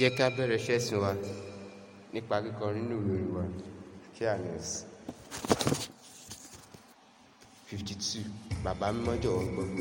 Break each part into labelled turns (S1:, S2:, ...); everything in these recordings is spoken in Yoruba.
S1: jẹ́ ká bẹ̀rẹ̀ ṣẹ́sìn wa nípa kíkọ nínú ìwé wa kíánis fifty two bàbá mímọ́jọ́ gbogbo.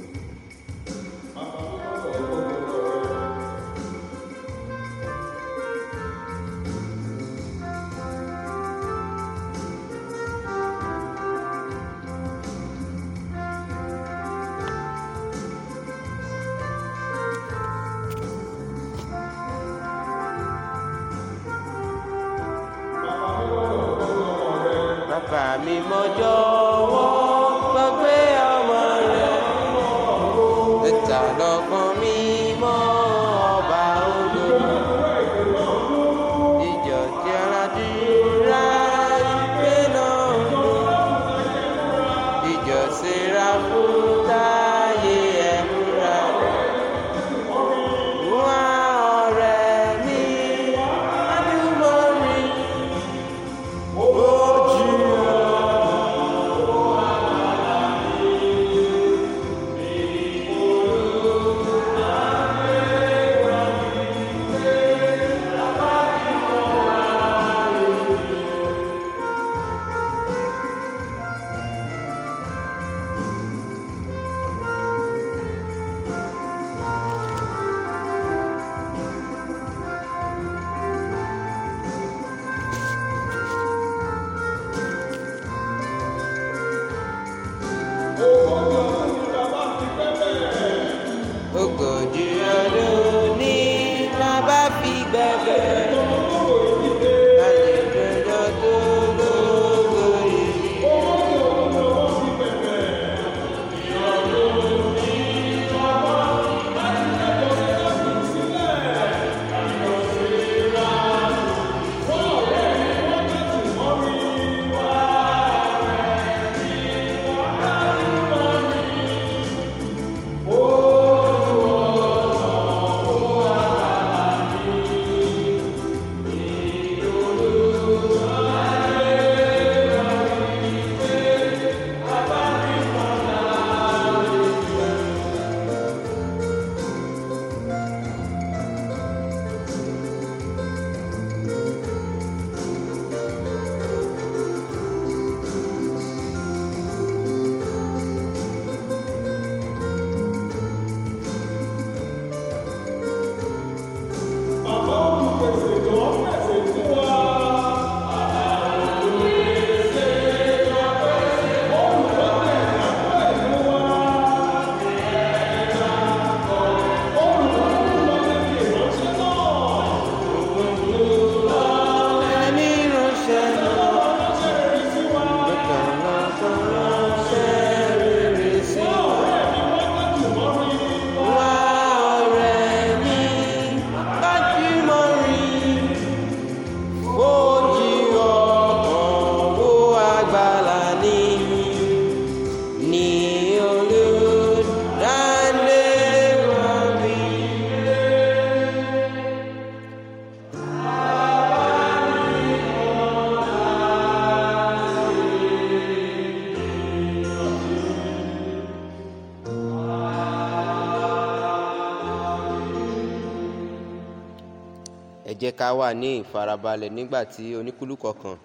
S1: ká wà ní ìfarabalẹ̀ nígbà tí oníkúlùkọ̀ kan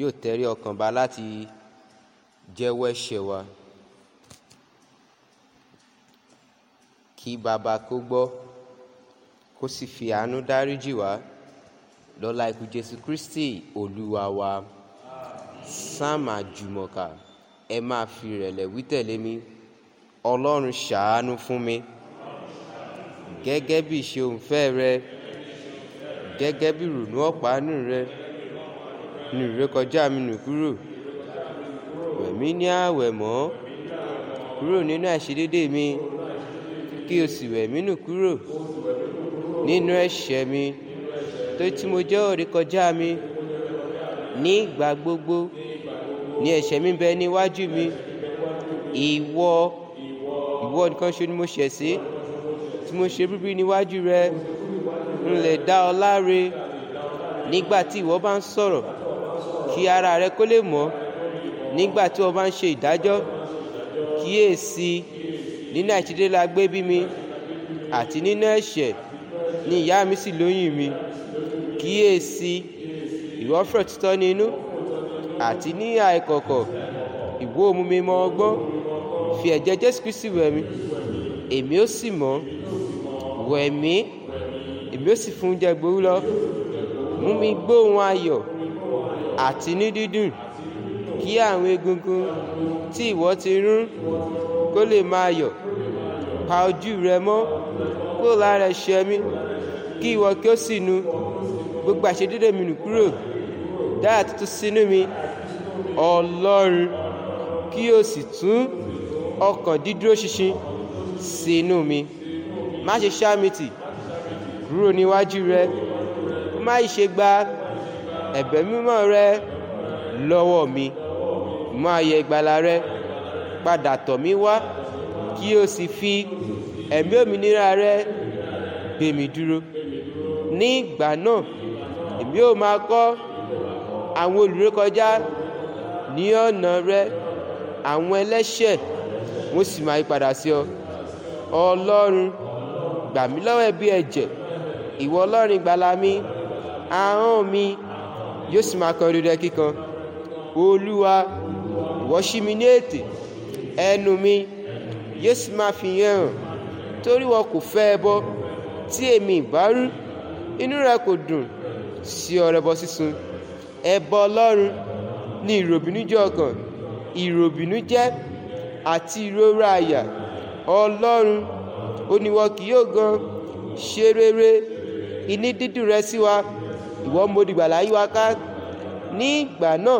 S1: yóò tẹrí ọkàn ba láti jẹ́wọ́ ẹ̀ṣẹ̀ wa kí bàbá kó gbọ́ kó sì fi àánú dáríjì wá lọ́lá ikú Jésù Kristi Olúwa wa sáàmù àjùmọ̀ká ẹ máa fi ìrẹ̀lẹ̀ wí tẹ̀lé mi Ọlọ́run ṣàánú fún mi gẹ́gẹ́ bí ìṣe òǹfẹ́ rẹ gẹ́gẹ́ bí ìrònú ọ̀pá nù rẹ nù ìrékọjá mi nù kúrò wẹ̀mí ní àwẹ̀ mọ́ kúrò nínú àìṣedédé mi kí o sì wẹ̀mí nù kúrò nínú ẹ̀ṣẹ̀ mi tó tí mo jẹ́ òrékọjá mi ní ìgbà gbogbo ní ẹ̀ṣẹ̀ mi bẹ níwájú mi ìwọ ìwọ nìkan ṣe ni mo ṣẹ̀ sí tí mo ṣe bíbí níwájú rẹ ń lè dá ọ láre nígbà tí ìwọ bá ń sọ̀rọ̀ kí ara rẹ kó lè mọ́ nígbà tí wọ́n bá ń ṣe ìdájọ́ kíyèsí nínú àìṣedéédé la gbé bí mi àti nínú ẹ̀ṣẹ̀ ni ìyá mi sì lóyìn mi kíyèsí ìwọ fẹ́ òtítọ́ ní inú àti ní àìkọ̀kọ̀ ìwọ mú mi mọ ọgbọ́n fi ẹ̀jẹ̀ jésù kristi wẹ̀ mí èmi ó sì mọ́ wẹ̀ mí yóò sì fún jẹ gbowó lọ mú mi gbóhùn ayọ̀ àti ní dídùn kí àwọn egungun tí ìwọ ti rún kó lè máa yọ̀ pa ojú rẹ mọ́ kó lára ẹ̀ṣẹ̀ mi kí ìwọ kí ó sì nu gbogbo àṣedédé mi nù kúrò dára tuntun sínú mi ọlọ́run kí o sì tún ọkàn dídúró ṣinṣin sínú mi má ṣe ṣá mi tì dúró níwájú rẹ má ṣe gba ẹ̀bẹ̀ mímọ́ rẹ lọ́wọ́ mi má yẹ ìgbàlà rẹ padà tọ̀ mí wá kí o sì fi ẹ̀mí òmìnira rẹ gbé mi dúró ní ìgbà náà èmi ò máa kọ́ àwọn olùrékọjá ní ọ̀nà rẹ àwọn ẹlẹ́ṣẹ̀ wọ́n sì máa yí padà sí ọ ọlọ́run gbà mí ẹ̀jẹ̀ ìwọ ọlọ́run ìgbàlà mi ahọ́n mi yóò sì máa kọ rírẹ kíkan olúwa ìwọ ṣí mi ní ètè ẹnu mi yóò sì máa fi yẹn hàn torí wọn kò fẹ́ ẹbọ tí èmi ìbá rú inú rẹ kò dùn sí ọrẹ bọ sísun ẹbọ ọlọ́run ní ìròbìnújẹ́ ọkàn ìròbìnújẹ́ àti ìrora àyà ọlọ́run ó ní wọn kì yóò gan ṣe rere ìní dídùn rẹ sí wa ìwọ mo dìgbà láyé wa ká ní ìgbà náà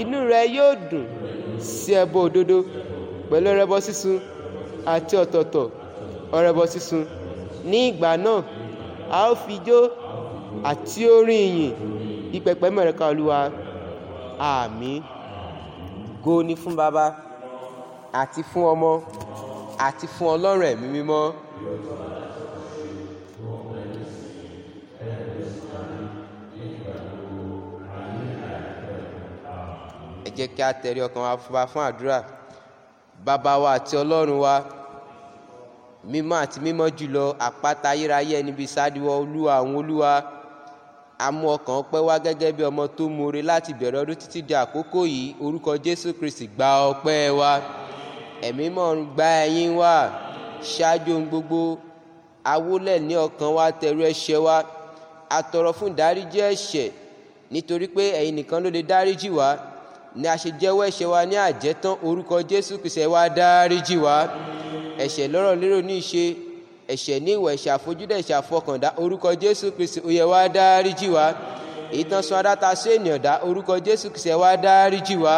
S1: inú rẹ yóò dùn sí ẹbọ òdodo pẹ̀lú ọrẹbọ sísun àti ọ̀tọ̀ọ̀tọ̀ ọrẹbọ sísun ní ìgbà náà a ó fi jó àti orin ìyìn ìpẹpẹ mẹrẹka olúwa àmín go ni fún baba àti fún ọmọ àti fún ọlọ́run ẹ̀mí mímọ́. jẹ́ kí a tẹrí ọkàn wa fún àdúrà bàbá wa àti ọlọ́run wa mímọ́ àti mímọ́ jùlọ àpáta ayérayé níbi sádiwọ olúwa àwọn olúwa amú ọkàn pẹ́ wá gẹ́gẹ́ bí ọmọ tó more láti bẹ̀rẹ̀ ọdún títí di àkókò yìí orúkọ jésù kristi gba ọpẹ́ wa ẹ̀mí mọ̀ọ́rùn gba ẹ̀yìn wa ṣáájú ohun gbogbo awólẹ̀ ní ọkàn wa tẹ̀rù ẹ̀ṣẹ̀ wa atọ̀rọ̀ fún ìdáríjì ẹ̀ṣẹ̀ nítorí pé ẹ̀yin nìkan ló lè dáríjì wa ni a ṣe jẹ́wọ́ ẹ̀ṣẹ̀ wa ní àjẹ́tán orúkọ jésù kìsẹ̀ wa dáríjì wá ẹ̀ṣẹ̀ lọ́rọ̀ lérò ní ìṣe ẹ̀ṣẹ̀ ní ìwà ẹ̀ṣẹ̀ àfojúdẹ̀ ẹ̀ṣẹ̀ àfọkàndá orúkọ jésù kristi oyè wa dáríjì wá ìtànṣán adáta sí ènìyàn dá orúkọ jésù kìsẹ̀ wa dáríjì wá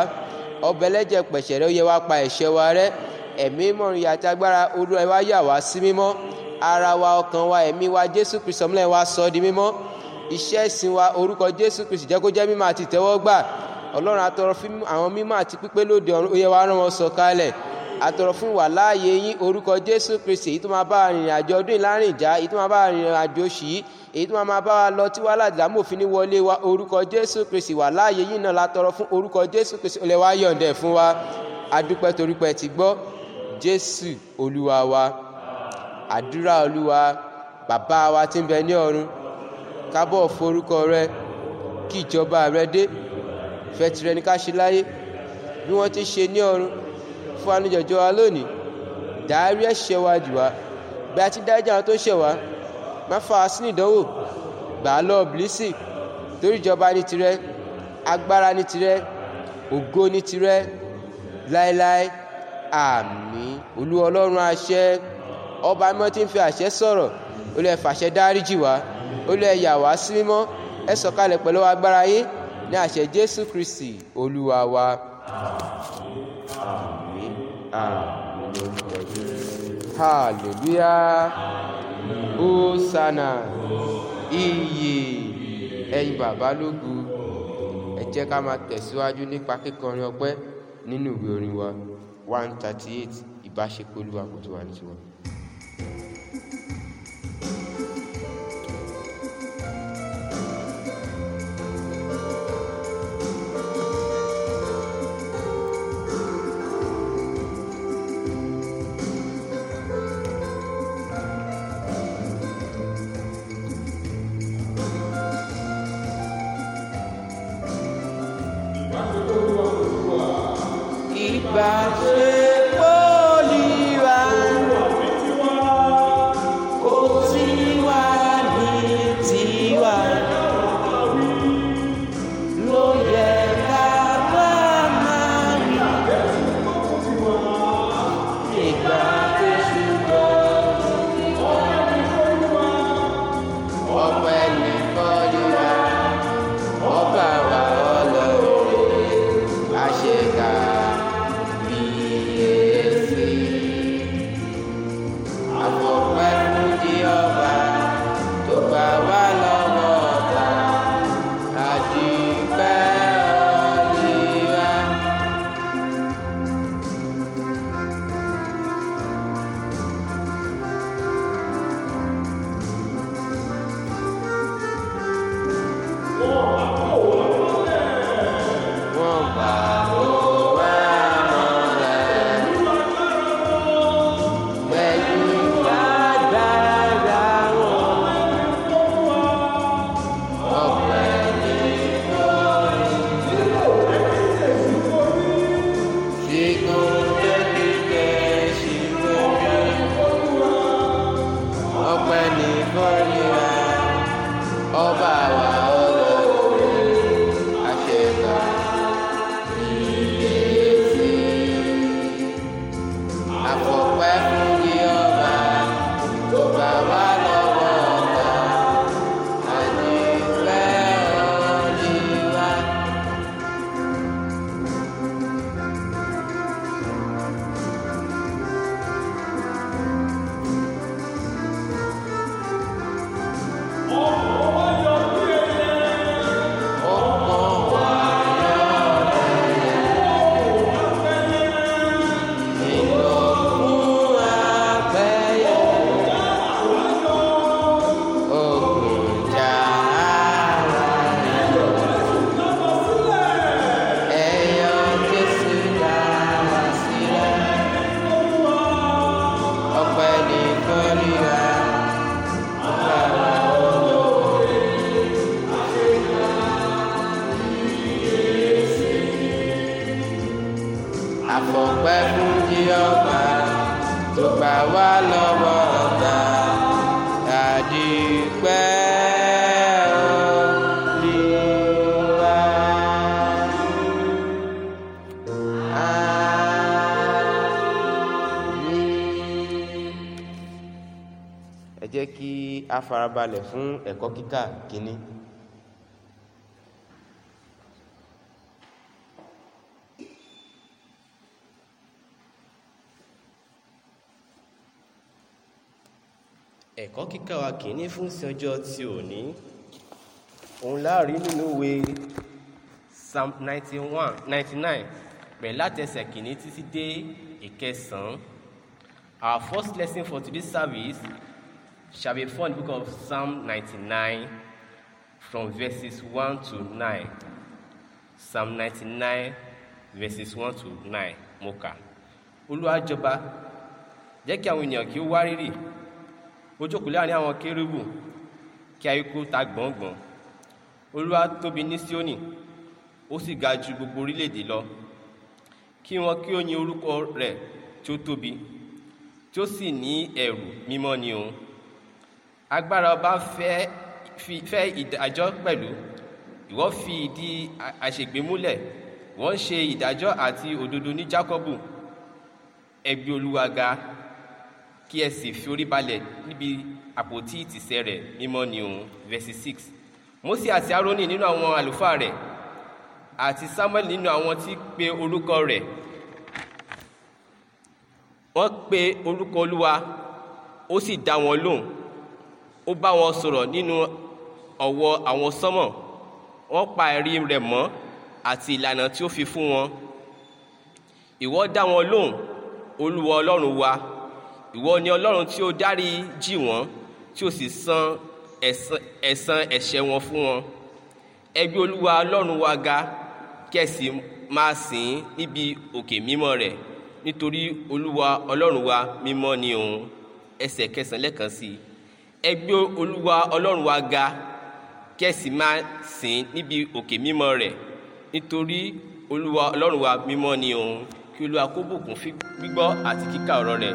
S1: ọbẹ̀ ẹlẹ́jẹ̀ pẹ̀ṣẹ̀ rẹ oyè wa pa ẹ̀ṣẹ̀ wa rẹ ẹ̀mí mọ̀rin yàtí agbára olúwa wa yà wá sí mímọ́ ara wa ọkàn wa ẹ̀mí wa jésù kristi ọmọlẹ́yìn wa sọ di mímọ́ iṣẹ́ ìsìn wa orúkọ jésù kristi jẹ́ mímọ́ àti ìtẹ́wọ́gbà ọlọ́run atọrọ fún àwọn mímọ́ àti pípé lóde ọ̀run ó yẹ wá rán wọn sọ̀kalẹ̀ atọrọ fún wà láàyè yín orúkọ jésù kristi èyí tó máa bá arìnrìn àjò ọdún ìlànà ìjà èyí tó máa bá arìnrìn àjò òṣì èyí tó máa bá wa lọ tí wàá làdá mòfin ní wọlé wa orúkọ jésù kristi wà láàyè yín náà látọrọ fún orúkọ jésù kristi ó lè wá yọ̀ǹdẹ̀ fún wa adúpẹ́ torípẹ́ ti gbọ́ jésù olúwa wa àdúrà olúwa bàbá wa tí ń bẹ ní ọ̀run kábọ̀ forúkọ rẹ kí ìjọba rẹ dé ìfẹ́ tirẹ̀ ní ká ṣe láyé bí wọ́n ti ṣe ní ọ̀run fún anújọjọ́ wa lónìí dárí ẹ̀ṣẹ̀ wa jì wá bí a ti dájà àwọn tó ṣẹ̀ wá má fa wa sínú ìdánwò gbà á lọ bìlísì torí ìjọba ni tirẹ̀ agbára ni tirẹ̀ ògo ni tirẹ̀ láéláé àmín olú ọlọ́run àṣẹ ọba mímọ́ tí ń fi àṣẹ sọ̀rọ̀ olú ẹ fàṣẹ dáríjì wá olú ẹ yà wá sí mímọ́ ẹ sọ̀kalẹ̀ pẹ̀lú agbára yín ní àṣẹ jésù kristi olúwa wa. hallelujah hosanna iyì ẹ̀yin bàbá lógun ẹ jẹ́ ká máa tẹ̀síwájú nípa kíkọrin ọpẹ́ nínú ìwé orin wa one thirty eight ìbáṣepọ̀ olúwa kò tó wà ní tiwọn. a farabalẹ̀ fún ẹ̀kọ́ kíkà kínní.
S2: ẹ̀kọ́ kíkà wa kìíní fún sí ọjọ́ tí ò ní òun láàrí nínú ìwé psalm ninety one ninety nine bẹ̀rẹ̀ látẹsẹ̀ kìíní títí dé ìkẹsàn-án our first lesson for today's service shall be found in the book of Psalm 99 from verses 1 to 9. Psalm 99 verses 1 to 9 Moka. kà. Olúwa jọba jẹ́ kí àwọn ènìyàn kí ó wárìrì ó jókòó láàrin àwọn kérúbù kí ayíkó ta gbọ̀ngbọ̀n. Olúwa tóbi ní Síónì ó sì ga ju gbogbo orílẹ̀-èdè lọ. Kí wọn kí ó yin orúkọ rẹ̀ tí ó tóbi tí ó sì ní ẹ̀rù mímọ́ ni òun agbára ọba fẹ́ fẹ́ ìdájọ́ pẹ̀lú ìwọ fi ìdí àṣègbè múlẹ̀ wọ́n ṣe ìdájọ́ àti òdodo ní Jákọ́bù ẹ gbé Olúwa ga kí ẹ sì fi orí balẹ̀ níbi àpótí ìtìsẹ̀ rẹ̀ mímọ́ ni òun verse six Mósè àti Árónì nínú àwọn àlùfáà rẹ̀ àti Samuel nínú àwọn tí pe orúkọ rẹ̀ wọ́n pe orúkọ Olúwa ó sì dá wọn lóhùn ó bá wọn sọ̀rọ̀ nínú ọ̀wọ́ àwọn sọ́mọ̀ wọ́n pa ẹ̀rí rẹ̀ mọ́ àti ìlànà tí ó fi fún wọn ìwọ dá wọn lóhùn olúwa ọlọ́run wa ìwọ ni ọlọ́run tí ó dárí jì wọ́n tí ó sì san ẹ̀san ẹ̀ṣẹ̀ wọn fún wọn ẹ olúwa ọlọ́run wa ga kí ẹ sì máa sìn ín níbi òkè mímọ́ rẹ̀ nítorí olúwa ọlọ́run wa mímọ́ ni òun ẹsẹ̀ kẹsàn-án lẹ́ẹ̀kan sí i ẹgbẹ́ olúwa ọlọ́run wa ga kẹ́sì máa sìn níbi òkè mímọ́ rẹ̀ nítorí olúwa ọlọ́run wa mímọ́ ni òun kí olúwa kó bùkún fi gbígbọ́ àti kíkà ọ̀rọ̀ rẹ̀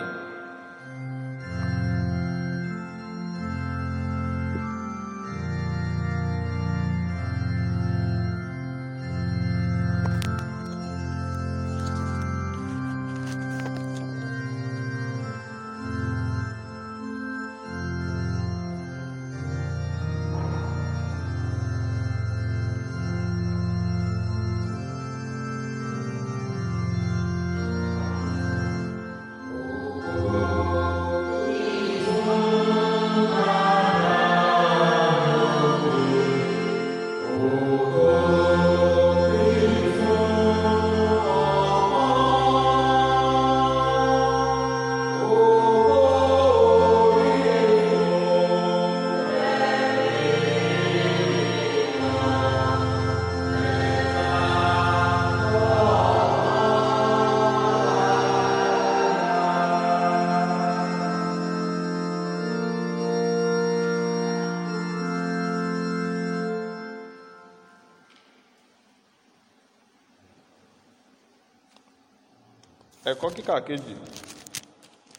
S3: ẹ̀kọ́ kíkà kejì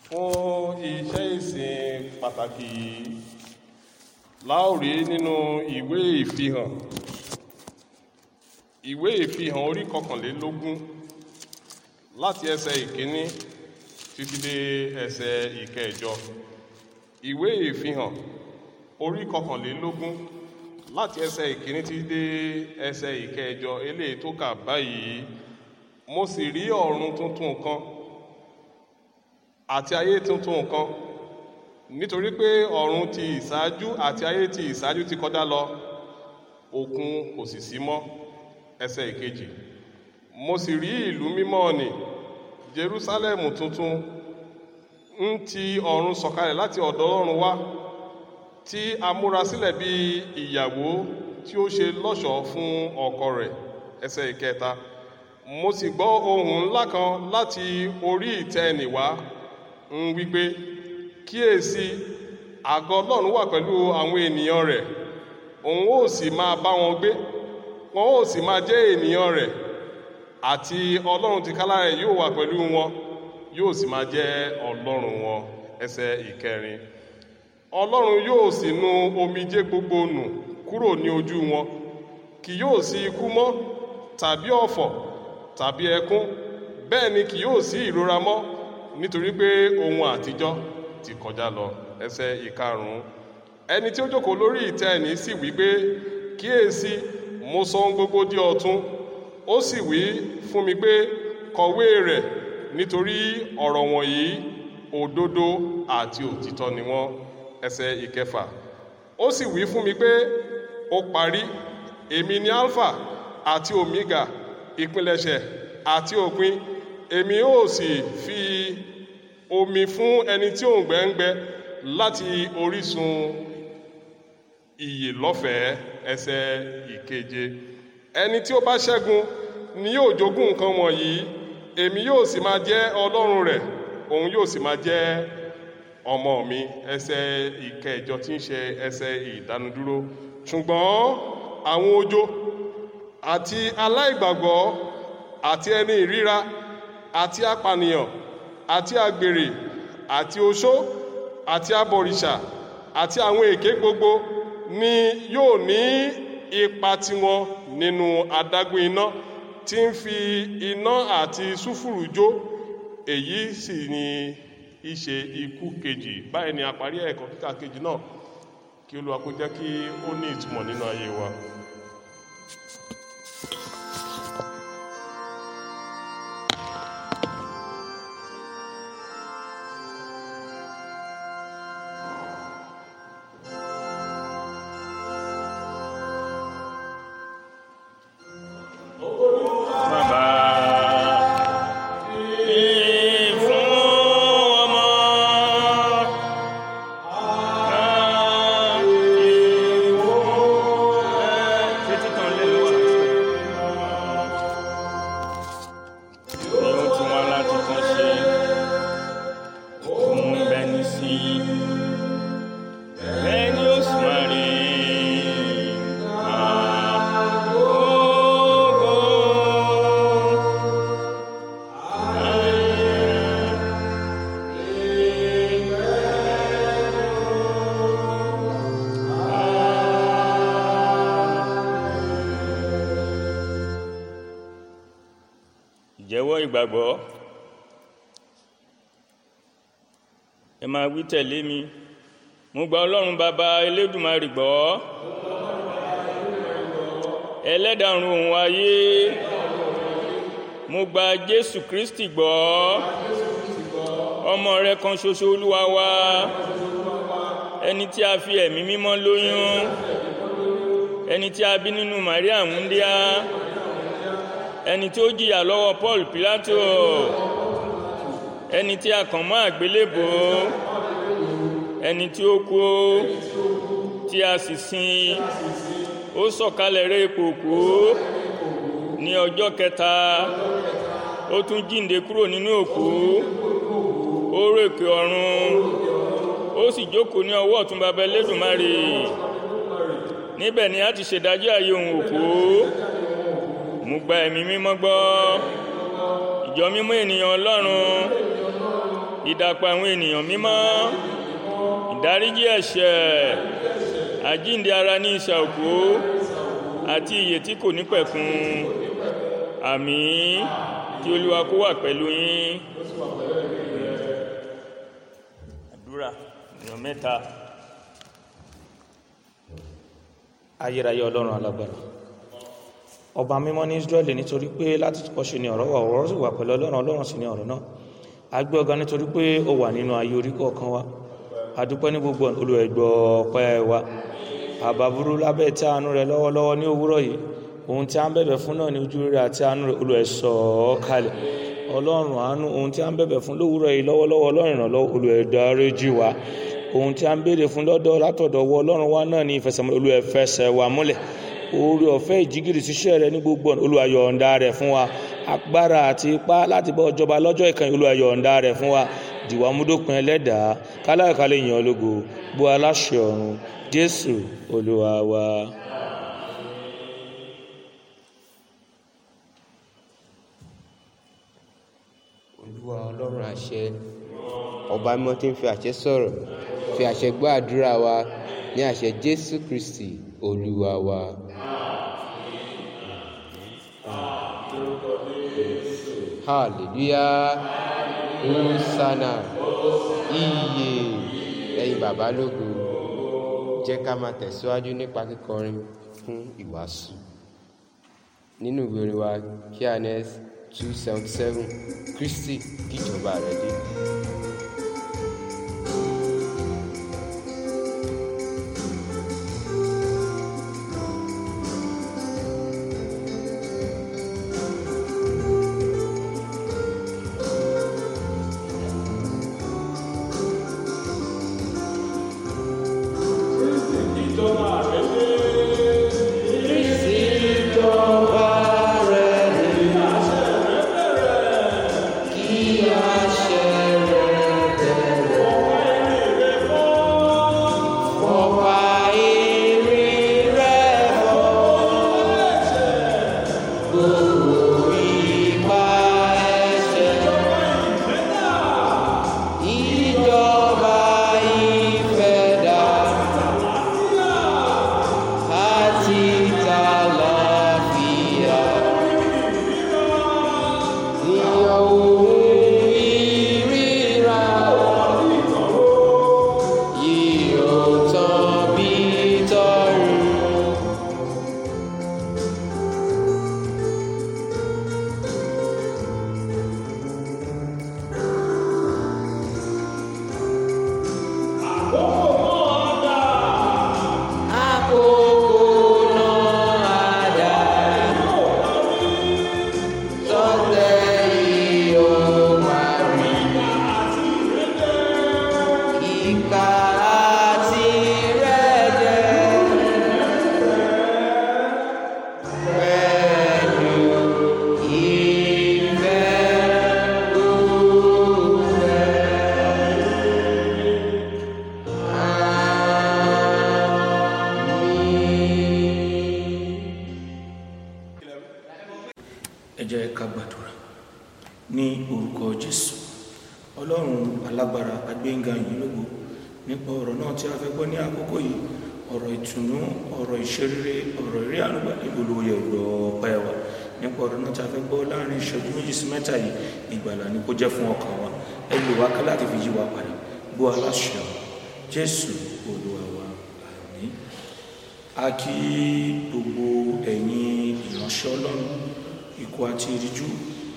S3: fún iṣẹ́ ìsìn pàtàkì yìí láòrí nínú ìwé ìfihàn ìwé ìfihàn orí kọkànlélógún láti ẹsẹ̀ ìkíní títí dé ẹsẹ̀ ìkẹjọ ìwé ìfihàn orí kọkànlélógún láti ẹsẹ̀ ìkíní títí dé ẹsẹ̀ ìkẹjọ eléyìí tó kà báyìí mo sì rí ọ̀run tuntun kan àti ayé tuntun kan nítorí pé ọ̀run ti ìṣáájú àti ayé ti ìṣáájú ti kọjá lọ òkun kò sì sí mọ́ ẹsẹ̀ ìkejì mo sì rí ìlú mímọ́ nì Jerúsálẹ́mù tuntun ń ti ọ̀run sọ̀kalẹ̀ láti ọ̀dọ̀ Ọlọ́run wá tí a múra sílẹ̀ bí ìyàwó tí ó ṣe lọ́ṣọ̀ọ́ fún ọkọ rẹ̀ ẹsẹ̀ ìkẹta. E mo sì gbọ́ ohùn ńlá kan láti orí ìtẹ́ ẹnì wá ń wípé kíyèsí àgọ́ ọlọ́run wà pẹ̀lú àwọn ènìyàn rẹ̀ òun ó sì máa bá wọn gbé wọn ó sì máa jẹ́ ènìyàn rẹ̀ àti ọlọ́run tìkálára rẹ̀ yóò wà pẹ̀lú wọn yóò sì máa jẹ́ ọlọ́run wọn ẹsẹ̀ ìkẹrin ọlọ́run yóò sì nu omijé gbogbo nù kúrò ní ojú wọn kì yóò mọ́ tàbí ọ̀fọ̀ tàbí ẹkún bẹ́ẹ̀ ni kì yóò sí ìrora mọ́ nítorí pé ohun àtijọ́ ti kọjá lọ ẹsẹ̀ ìkarùn-ún ẹni tí ó jókòó lórí ìtẹ́ ẹni sì wí pé kíyèsí mo sọ ohun gbogbo di ọ̀tun ó sì wí fún mi pé kọ̀wé rẹ̀ nítorí ọ̀rọ̀ wọ̀nyí òdodo àti òtítọ́ ni wọ́n ẹsẹ̀ ìkẹfà ó sì wí fún mi pé ó parí èmi ni alpha àti omega ìpilẹ̀ṣẹ̀ àti òpin èmi ó sì fi omi fún ẹni tí òǹgbẹ ń gbẹ láti orísun ìyè lọ́fẹ̀ẹ́ ẹsẹ̀ ìkeje ẹni tí ó bá ṣẹ́gun ni yóò jogún nǹkan wọ̀nyí èmi yóò sì máa jẹ́ ọlọ́run rẹ̀ òun yóò sì máa jẹ́ ọmọ mi ẹsẹ̀ ìkẹjọ tí ń ṣe ẹsẹ̀ ìdánudúró ṣùgbọ́n àwọn ojo àti aláìgbàgbọ́ àti ẹni ìríra àti apànìyàn àti àgbèrè àti oṣó àti abọ̀rìṣà àti àwọn èké gbogbo ni yóò ní ipa tiwọn nínú adágún iná tí ń fi iná àti sùfùrù jó èyí sì ni ìṣe ikú kejì báyìí ni a parí ẹ̀kọ́ kíkà kejì náà kí Olúwa kí ó ní ìtumọ̀ nínú ayé wa.
S4: ìgbàgbọ́ ẹ máa wí tẹ̀lé mi mo gba ọlọ́run bàbá elédùmarè gbọ́ ẹlẹ́dàrún òun ayé mo gba jésù kristi gbọ́ ọmọ rẹ kan ṣoṣo olúwa wa ẹni tí a fi ẹ̀mí mímọ́ lóyún ẹni tí a bí nínú maria wúndíá ẹni tí ó jìyà lọ́wọ́ paul pilato ẹni tí a kàn mọ́ àgbélébò ẹni tí ó kú tí a sì sin ó sọ̀kalẹ̀ rẹ̀ ìpòkú ní ọjọ́ kẹta ó tún jíǹde kúrò nínú òkú ó rèkè ọ̀run ó sì jókòó ní ọwọ́ ọ̀tún baba níbẹ̀ ni a ti ṣèdájọ́ ààyè òun òkú mo gba ẹ̀mí mímọ́ gbọ́ ìjọ mímọ́ ènìyàn ọlọ́run ìdàpọ̀ àwọn ènìyàn mímọ́ ìdáríjì ẹ̀ṣẹ̀ àjíǹde ara ní ìṣà òkú àti ìyè tí kò ní pẹ̀kun àmín kí olúwa kó wà pẹ̀lú yín àdúrà èèyàn mẹ́ta ayérayé ọlọ́run alágbára
S5: ọba mímọ́ ní israẹli nítorí pé láti kọ́ṣe ni ọ̀rọ̀ wà ọ̀rọ̀ sì wà pẹ̀lú ọlọ́run ọlọ́run sì ni ọ̀rọ̀ náà agbé ọ̀gá nítorí pé ó wà nínú ayé orí kọ̀ọ̀kan wa adúpẹ́ ní gbogbo olùẹ̀gbọ́ ọ̀pẹ́ wa àbábúrú lábẹ́ tí àánú rẹ lọ́wọ́lọ́wọ́ ní òwúrọ̀ yìí ohun tí a ń bẹ̀bẹ̀ fún náà ní ojú rere àti àánú rẹ olùẹ̀sọ̀ kalẹ̀ ọlọ́run àánú ohun tí a ń bẹ̀bẹ̀ fún lówùúrọ̀ yìí lọ́wọ́lọ́wọ́ ọlọ́run ìrànlọ́wọ́ olùẹ̀dáréjì wa ohun tí a ń béèrè fún lọ́dọ̀ látọ̀dọ̀ wọ ọlọ́run wa náà ní ìfẹsẹ̀múlẹ̀ olùẹ̀fẹsẹ̀ wa múlẹ̀ oore ọ̀fẹ́ ìjígìrì ṣiṣẹ́ rẹ ní gbogbo ọ̀nà Olúwa yọ̀ǹda rẹ̀ fún wa agbára àti ipá láti bá ọjọba lọ́jọ́ ìkànnì Olúwa yọ̀ǹda rẹ̀ fún wa dìwà múdópin ẹlẹ́dàá kálákálẹ̀ ìyàn ológo bó aláṣẹ ọ̀run Jésù Olúwa wa.
S1: Olúwa Ọlọ́run àṣẹ ọba mímọ́ ń fi àṣẹ sọ̀rọ̀ fi àṣẹ gbọ́ àdúrà wa ní àṣẹ Jésù Kristi. olúwa wa. hallelujah hosanna iye ẹ̀yin bàbá lógo jẹ́ ká máa tẹ̀síwájú nípa kíkọrin fún ìwàásù nínú werewa kianis 2007 kristi kíjọba rẹ
S5: kí gbogbo ẹ̀yin ìránṣẹ́ ọlọ́run ikú àti ìríjú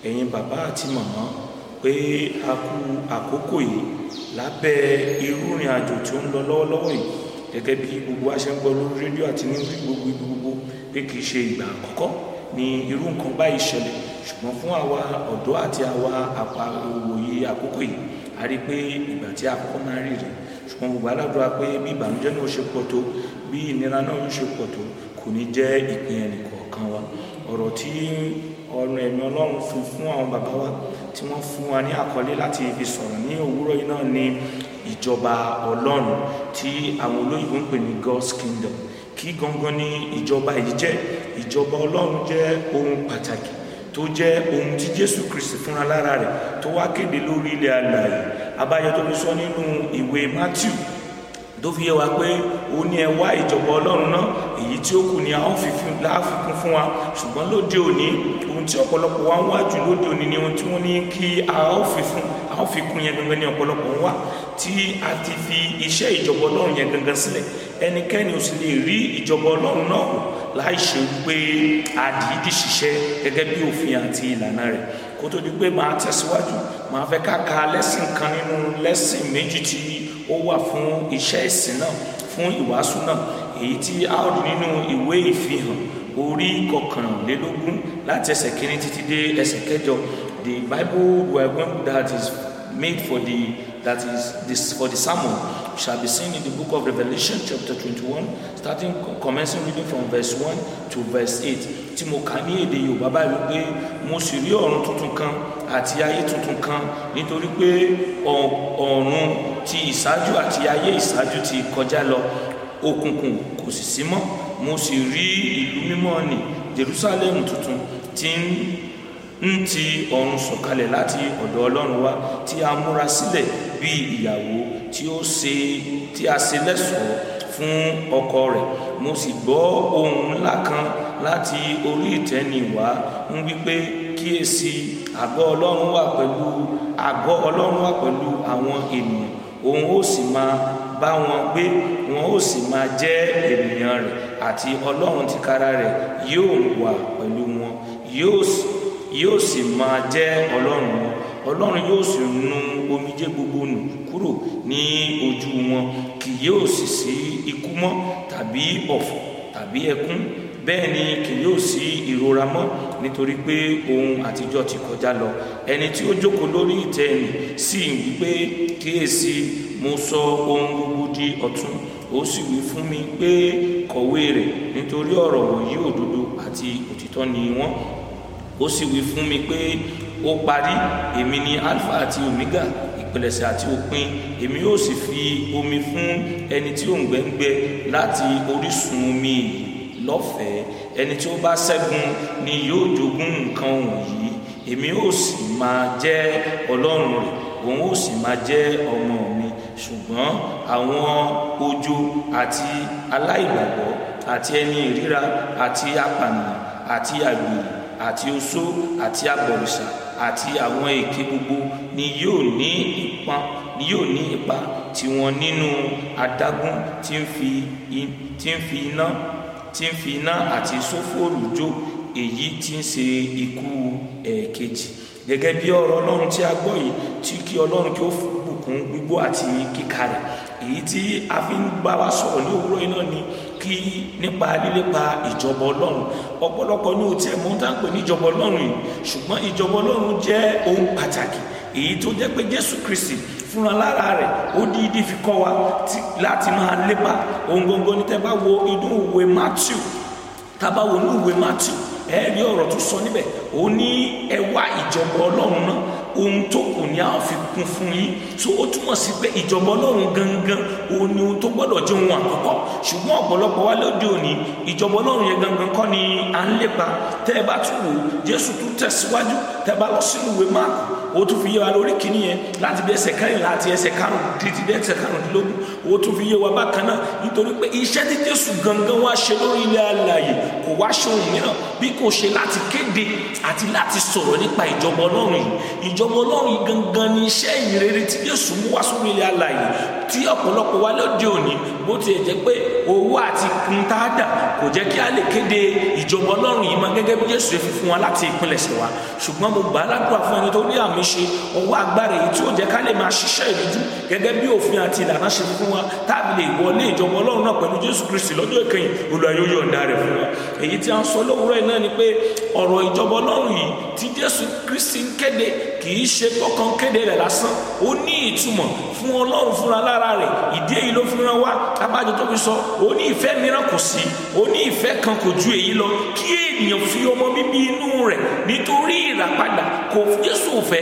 S5: ẹ̀yin bàbá àti màmá pé a kú àkókò yìí lábẹ́ irú ìrìn àjò tí ó ń lọ lọ́wọ́lọ́wọ́ yìí gẹ́gẹ́ bí gbogbo a ń gbọ́ lórí rédíò àti ní gbogbo ibi gbogbo pé kì í ṣe ìgbà àkọ́kọ́ ni irú nǹkan báyìí ṣẹlẹ̀ ṣùgbọ́n fún àwa ọ̀dọ́ àti àwa àpàwòye àkókò yìí a rí pé ìgbà tí àkọ́kọ́ máa ń rí rẹ̀ ṣùgbọ́n gbogbo aládùúrà pé bí ìbànújẹ́ náà ṣe pọ̀ tó bí ìnira náà ń ṣe pọ̀ tó kò ní jẹ́ ìpín ẹnìkọ̀ọ̀kan wa ọ̀rọ̀ tí ọ̀rọ̀ ẹ̀mí ọlọ́run fi fún àwọn bàbá wa tí wọ́n fún wa ní àkọlé láti ibi sọ̀rọ̀ ní òwúrọ̀ yìí náà ni ìjọba ọlọ́run tí àwọn olóyìnbó ń pè ní God's kingdom kí gangan ni ìjọba yìí jẹ́ ìjọba ọlọ́run jẹ́ ohun pàtàkì tó jẹ́ ohun tí Jésù Kristi fúnra lára rẹ̀ tó wá kéde lórí ilẹ̀ alààyè abájọ tó fi sọ nínú ìwé Matthew tó fi yé wa pé ó ní ẹ wá ìjọba ọlọ́run náà èyí tí ó kù ní àwọn fífún láàfikún fún wa ṣùgbọ́n lóde òní ohun tí ọ̀pọ̀lọpọ̀ wa ń wá jù lóde òní ni ohun tí wọ́n ní kí àwọn fífún àwọn fífún yẹn gangan ní ọ̀pọ̀lọpọ̀ ń wá tí a ti fi iṣẹ́ ìjọba ọlọ́run yẹn gangan sílẹ̀ ẹnikẹ́ni ò sì lè rí ìjọba ọlọ́run náà láì ṣe pé àdìídì ṣiṣẹ́ gẹ́gẹ́ bí òfin àti ìlànà rẹ̀ kó tó di pé màá tẹ̀síwájú màá fẹ́ ká ka lẹ́sìn kan nínú lẹ́sìn méjì tí ó wà fún iṣẹ́ ìsìn náà fún ìwàásù náà èyí tí a ó rí nínú ìwé ìfihàn orí kọkànlélógún láti ẹsẹ̀ kínní títí dé ẹsẹ̀ kẹjọ the bible weapon that is made for the that is this for the sermon shall be seen in the book of revelation chapter twenty-one starting commencing reading from verse one to verse eight tí mo kà ní èdè Yorùbá báyìí pé mo sì rí ọ̀run tuntun kan àti ayé tuntun kan nítorí pé ọ̀run ti ìṣáájú àti ayé ìṣáájú ti kọjá lọ òkùnkùn kò sì sí mọ́ mo sì rí ìlú mímọ́ nì Jerusalem tuntun tí ń ń ti ọ̀run sọ̀kalẹ̀ láti ọ̀dọ̀ Ọlọ́run wá tí a múra sílẹ̀ bí ìyàwó tí a ṣe lẹ́ṣọ̀ọ́ fún ọkọ rẹ̀ mo sì gbọ́ ohùn ńlá kan láti orí ìtẹ́ni wá ń wípé kíyèsí àgọ́ ọlọ́run wà pẹ̀lú àgọ́ ọlọ́run wà pẹ̀lú àwọn ènìyàn òun ó sì máa bá wọn gbé wọn ó sì máa jẹ́ ènìyàn rẹ̀ àti ọlọ́run tìkára rẹ̀ yóò wà pẹ̀lú wọn yóò sì máa jẹ́ ọlọ́run wọn ọlọ́run yóò sì nu omijé gbogbo nù kúrò ní ojú wọn kì yóò sì sí ikú mọ́ tàbí ọ̀fọ̀ tàbí ẹkún bẹ́ẹ̀ ni kì yóò sí ìrora mọ́ nítorí pé ohun àtijọ́ ti kọjá lọ ẹni tí ó jókòó lórí ìtẹ́ ẹ̀yìn sì ń wípé kíyèsí mo sọ ohun gbogbo di ọ̀tun ó sì wí fún mi pé kọ̀wé rẹ̀ nítorí ọ̀rọ̀ wọ̀nyí òdodo àti òtítọ́ ni wọ́n ó sì wí fún mi pé ó parí èmi ni alpha àti omega ìpilẹ̀ṣẹ̀ àti òpin èmi yóò sì fi omi fún ẹni tí ó ń gbẹ́ngbẹ́ láti orísun omi lọ́fẹ̀ẹ́ ẹni tí ó bá ṣẹ́gun ni yóò jogún nǹkan wọ̀nyí èmi ó sì máa jẹ́ ọlọ́run rẹ̀ òun ó sì máa jẹ́ ọmọ mi ṣùgbọ́n àwọn ojo àti aláìgbàgbọ́ àti ẹni ìríra àti apànìyàn àti àgbèrè àti oṣó àti abọ̀rìṣà àti àwọn èké gbogbo ni yóò ní ipa ni yóò ní ipa tiwọn nínú adágún tí ń fi tí ń fi iná tí ń fi iná àti sófòrò jó èyí tí ń ṣe ikú ẹ̀ẹ̀kejì gẹ́gẹ́ bí ọ̀rọ̀ ọlọ́run tí a gbọ́ yìí tí kí ọlọ́run kí ó bùkún gbígbọ́ àti kíkà èyí tí a fi ń bá wa sọ̀rọ̀ ní òwúrọ̀ yìí náà ni kí nípa lílépa ìjọba ọlọ́run ọ̀pọ̀lọpọ̀ ní o tiẹ̀ mọ̀ ń tà ń pè ní ìjọba ọlọ́run yìí ṣùgbọ́n ìjọba ọlọ́run jẹ́ ohun pàtàkì èyí tó jẹ́ pé jésù kristi fúnra lára rẹ̀ ó dídí fi kọ́ wa láti máa lépa ohun gbogbo ní tẹ́ bá wo inú ìwé matthew tá a bá inú ìwé matthew ẹ̀ẹ́rì ọ̀rọ̀ tó sọ níbẹ̀ ó ní ẹ ìjọba ọlọ́run náà ohun tó kù ni a fi kún fún yín so ó túmọ̀ sí pé ìjọba ọlọ́run gangan òun ni ohun tó gbọ́dọ̀ jẹ́ ohun àkọ́kọ́ ṣùgbọ́n ọ̀pọ̀lọpọ̀ wa lóde òní ìjọba ọlọ́run yẹn gangan kọ́ ni à ń lépa tẹ́ ẹ bá tún wò jésù tún tẹ̀síwájú tẹ́ ẹ bá lọ sínú ìwé máàkù o tún fi yé wa lórí kìíní yẹn láti bí ẹsẹ̀ kẹrìnlá àti ẹsẹ̀ karùn-ún títí dé ẹsẹ̀ karùndínlógún o tún fi yé wa bákan náà nítorí pé iṣẹ́ tí Jésù gangan wá ṣe lórí ilẹ̀ alààyè kò wá ṣe ohun mìíràn bí kò ṣe láti kéde àti láti sọ̀rọ̀ nípa ìjọba Ọlọ́run yìí ìjọba Ọlọ́run yìí gangan ni iṣẹ́ ìrere tí Jésù mú wá sórí ilẹ̀ alààyè tí ọ̀pọ̀lọpọ̀ wa lóde òní bó ti jẹ́ pé owó àti kùntàdà kò jẹ́ kí a lè kéde ìjọba ọlọ́run yìí mọ́ gẹ́gẹ́ bí jésù fi wa láti ìpilẹ̀ṣẹ̀ wa ṣùgbọ́n mo gbà á ládùúgbà fún ẹni tó ní àmì ṣe ọwọ́ agbára èyí tí ó jẹ́ ká lè máa ṣiṣẹ́ ìrújú gẹ́gẹ́ bí òfin àti ìlànà ṣe fún wa táàbí lè wọlé ìjọba ọlọ́run náà pẹ̀lú jésù kristi lọ́jọ́ ìkẹyìn olúwa kì í ṣe kọ́kàn kéde rẹ̀ lásán ó ní ìtumọ̀ fún ọlọ́run fúnra lára rẹ̀ ìdí èyí ló fúnra wá abájọ tó fi sọ ó ní ìfẹ́ mìíràn kò sí ó ní ìfẹ́ kan kò ju èyí lọ kí ènìyàn fi ọmọ bíbí inú rẹ̀ nítorí ìràpadà kò jésù òfẹ́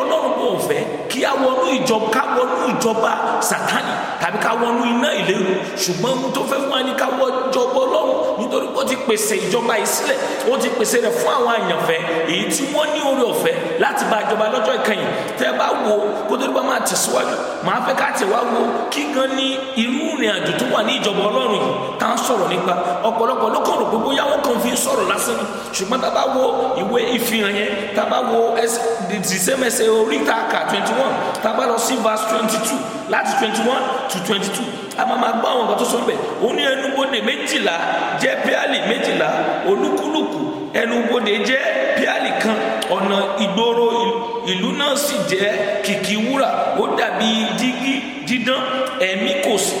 S5: ọlọ́run kò fẹ́ kí a wọnú ìjọba ká wọnú ìjọba sàtánì tàbí ká wọnú iná ìléru ṣùgbọ́n ohun tó fẹ́ fún wa ni ká wọ ìjọba ọlọ́run nítorí ó ti pèsè ìjọba ìsílẹ̀ ó ti pèsè rẹ̀ fún àwọn àyànfẹ́ èyí tí wọ́n ní oore ọ̀fẹ́ láti bá ìjọba ìjọba lọ́jọ́ ìkẹyìn tẹ́ bá wo kótórípá máa tẹ̀síwájú màá fẹ́ ká tẹ̀ wá wo kí gan ni irú ìrìn àjò tó wà ní ìjọba ọlọ́run yìí tá à ń sọ̀rọ̀ nípa ọ̀pọ̀lọpọ̀ ló kàn rò pé bóyá wọ́n kàn fi ń sọ̀rọ̀ lásán ni ṣùgbọ́n tá a bá wo ìwé ìfihàn yẹn tá a bá wo ìsẹ́mẹsẹ oríta àkà twenty one tá a bá lọ sí verse twenty two láti twenty one to twenty two a máa máa gbọ́ àwọn nǹkan tó sọ bẹ́ẹ̀ ó ní ẹnubodè méjìlá jẹ́ píálì méjìlá olúkúlùkù ẹnubodè jẹ́ píálì kan ọ̀nà ìgbó ìlú náà sì jẹ́ kìkì wúrà ó dàbí dígí dídán ẹ̀mí kò sí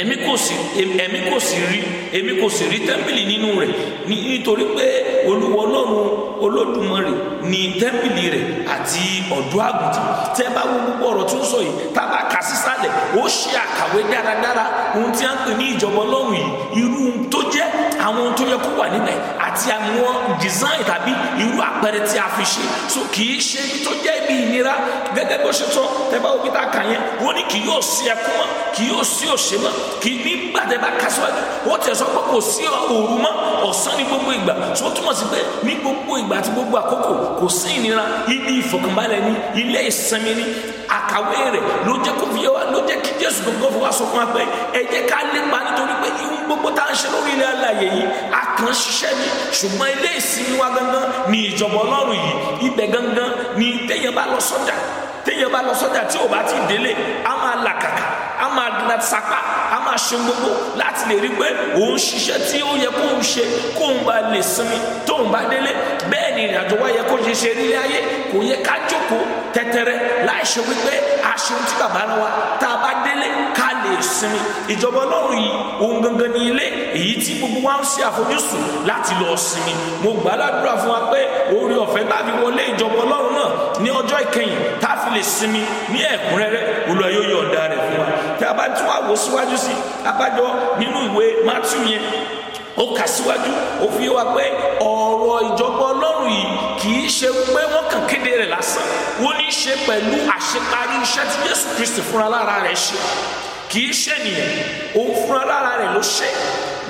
S5: èmi kò sì èmi kò sì rí èmi kò sì rí tẹ́ḿpìlì nínú rẹ̀ nítorí pé olúwa ọlọ́run olódùmarè ní tẹ́ḿpìlì rẹ̀ àti ọ̀dọ́ àgùntàn tẹ́ bá wo gbogbo ọ̀rọ̀ tó ń sọ yìí tá a bá kà sísàlẹ̀ ó ṣe àkàwé dáradára ohun tí a ń pè ní ìjọba ọlọ́run yìí irú tó jẹ́ àwọn ohun tó yẹ kó wà níbẹ̀ àti àwọn design tàbí irú àpẹẹrẹ tí a fi ṣe so kì í ṣe ibi tó jẹ́ ibi ìnira gẹ́gẹ́ bó ṣe tọ́ tẹ́bá òbí tá a kà yẹn wọ́n ní kì yóò sí ẹkún mọ́ kì yóò sí òṣè mọ́ kì í nígbà tẹ́bá kásíwájú wọ́n ti sọ pé kò sí òru mọ́ ọ̀sán ní gbogbo ìgbà tó túmọ̀ sí pé ní gbogbo ìgbà àti gbogbo àkókò kò sí ìnira ibi ìfọ̀kànbalẹ̀ ní ilé ìsinmi ní àkàwé rẹ̀ ló jẹ́ kó fi yé wa ló jẹ́ kí Jésù gbogbo fún wa sọ fún wa pé ẹ jẹ́ ká lépa nítorí pé yìí a kàn ṣiṣẹ́ ni ṣùgbọ́n ilé ìsinmi wa gangan ni ìjọba ọlọ́run yìí ibẹ̀ gangan ni téèyàn bá lọ sọ́jà téèyàn bá lọ sọ́jà tí ò bá ti délé a máa làkàkà a máa dina sapa a máa ṣe gbogbo láti lè rí pé òun ṣiṣẹ́ tí ó yẹ kóun ṣe kóun bá lè sinmi tóun bá délé bẹ́ẹ̀ ni ìrìnàjò wa yẹ kó ṣe ṣe nílé ayé kò yẹ ká jókòó tẹtẹrẹ láì ṣe wípé aṣeun tí bàbá rẹ wa tá a bá délé ká lè sinmi ìjọba ọlọ́run yìí ohun gangan ní ilé èyí tí gbogbo wa ń ṣe àfojúsùn láti lọ sinmi mo gbàdúrà fún wa pé orí ọ̀fẹ́ tàbí wọlé ìjọba ọlọ́run náà ní ọjọ́ ìkẹyìn tá a fi lè sinmi ní ẹ̀kúnrẹ́rẹ́ olùwà yóò yọ̀ọ̀da rẹ̀ fún wa tí a bá tún àwòsíwájú sí abájọ nínú ìwé Matthew yẹn ó kà síwájú ó fi wá pé ọ̀rọ̀ ìjọba ọlọ́run yìí kì í ṣe pé wọ́n kàn kéde rẹ̀ lásán wọ́n ní í ṣe pẹ̀lú àṣeparí iṣẹ́ tí Jésù Kristi fúnra lára rẹ̀ ṣe kì í ṣe nìyẹn òun fúnra lára rẹ̀ ló ṣe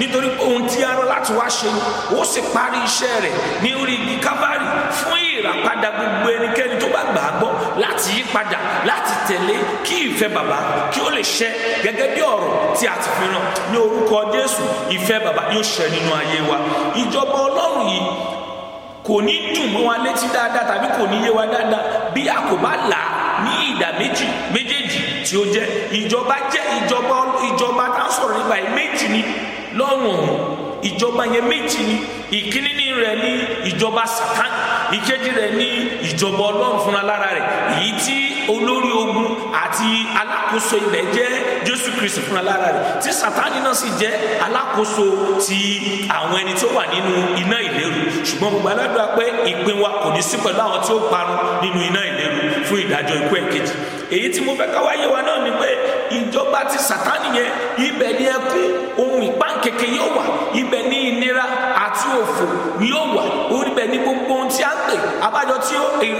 S5: nítorí pé ohun tí arọ láti wá ṣe ó sì parí iṣẹ́ rẹ̀ ní orí igi kábàárì fún ìràpadà gbogbo ẹnikẹ́ni tó bá gbà á gbọ́ láti yí padà láti tẹ̀lé kí ìfẹ́ bàbá kí ó lè ṣẹ gẹ́gẹ́ bí ọ̀rọ̀ tí a ti fi ràn ní orúkọ Jésù ìfẹ́ bàbá yóò ṣẹ nínú ayé wa ìjọba Ọlọ́run yìí kò ní dùn mọ́ wa létí dáadáa tàbí kò ní yé wa dáadáa bí a kò bá là á ní ìdá méjì méjèèjì tí ó jẹ́ ìjọba jẹ́ ìjọba ìjọba tá a sọ̀rọ̀ nípa ẹ̀ méjì ni lọ́rùn ọ̀hún ìjọba yẹn méjì ni ìkíní rẹ̀ ní ìjọba sàtán ìkejì rẹ̀ ní ìjọba ọlọ́run fúnra lára rẹ̀ èyí tí olórí ogun àti alákòóso ilẹ̀ jẹ́ jésù kristu fúnra lára rẹ̀ tí sàtánì náà sì jẹ́ alákòóso ti àwọn ẹni tó wà nínú iná ìléru ṣùgbọ́n mo gbàdúrà pé ìpín wa kò ní sí pẹ̀lú àwọn tí ó parun nínú iná ìléru fún ìdájọ́ ikú ẹ̀kejì èyí tí mo fẹ́ káwáyé wa náà ìjọba ti sàtánì yẹn ibẹ̀ ni ẹkún ohun ìpáǹkeke yóò wà ibẹ̀ ni ìnira àti òfò yóò wà ibẹ̀ ni gbogbo ohun tí a ń pè abájọ tí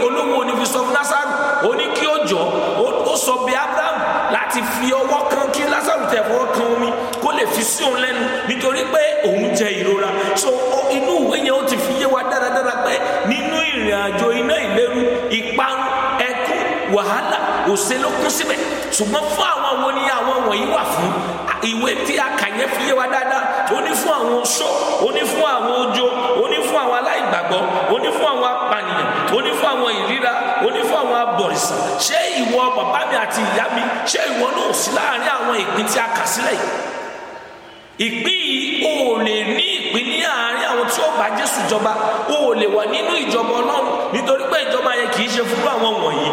S5: olówó onífisọ fún lásàrù ó ní kí ó jọ ó sọ bí abraham láti fi ọwọ́ kan kí lásàrù tẹ̀ fọwọ́ kan omi kó lè fi sí òun lẹ́nu nítorí pé òun jẹ ìrora so inú ìwé yẹn ó ti fi yé wa dáradára pé nínú ìrìn àjò iná ìléru ìparun ẹkún wàhálà òṣè ló kún síbẹ̀ ṣùgbọ́n fún àwọn wo ni àwọn wọ̀nyí wà fún ìwé tí a kà yẹn fi yé wa dáadáa ó ní fún àwọn oṣó ó ní fún àwọn ojo ó ní fún àwọn aláìgbàgbọ́ ó ní fún àwọn apànìyàn ó ní fún àwọn ìríra ó ní fún àwọn abọ̀rìṣà ṣé ìwọ bàbá mi àti ìyá mi ṣé ìwọ náà sí láàrin àwọn ìpín tí a kà sílẹ̀ yìí ìpín yìí o ò lè ní ìpín ní àárín àwọn tí ó bá Jésù jọba o ò lè wà nínú ìjọba Ọlọ́run nítorí pé ìjọba yẹn kì í ṣe fún àwọn wọ̀nyí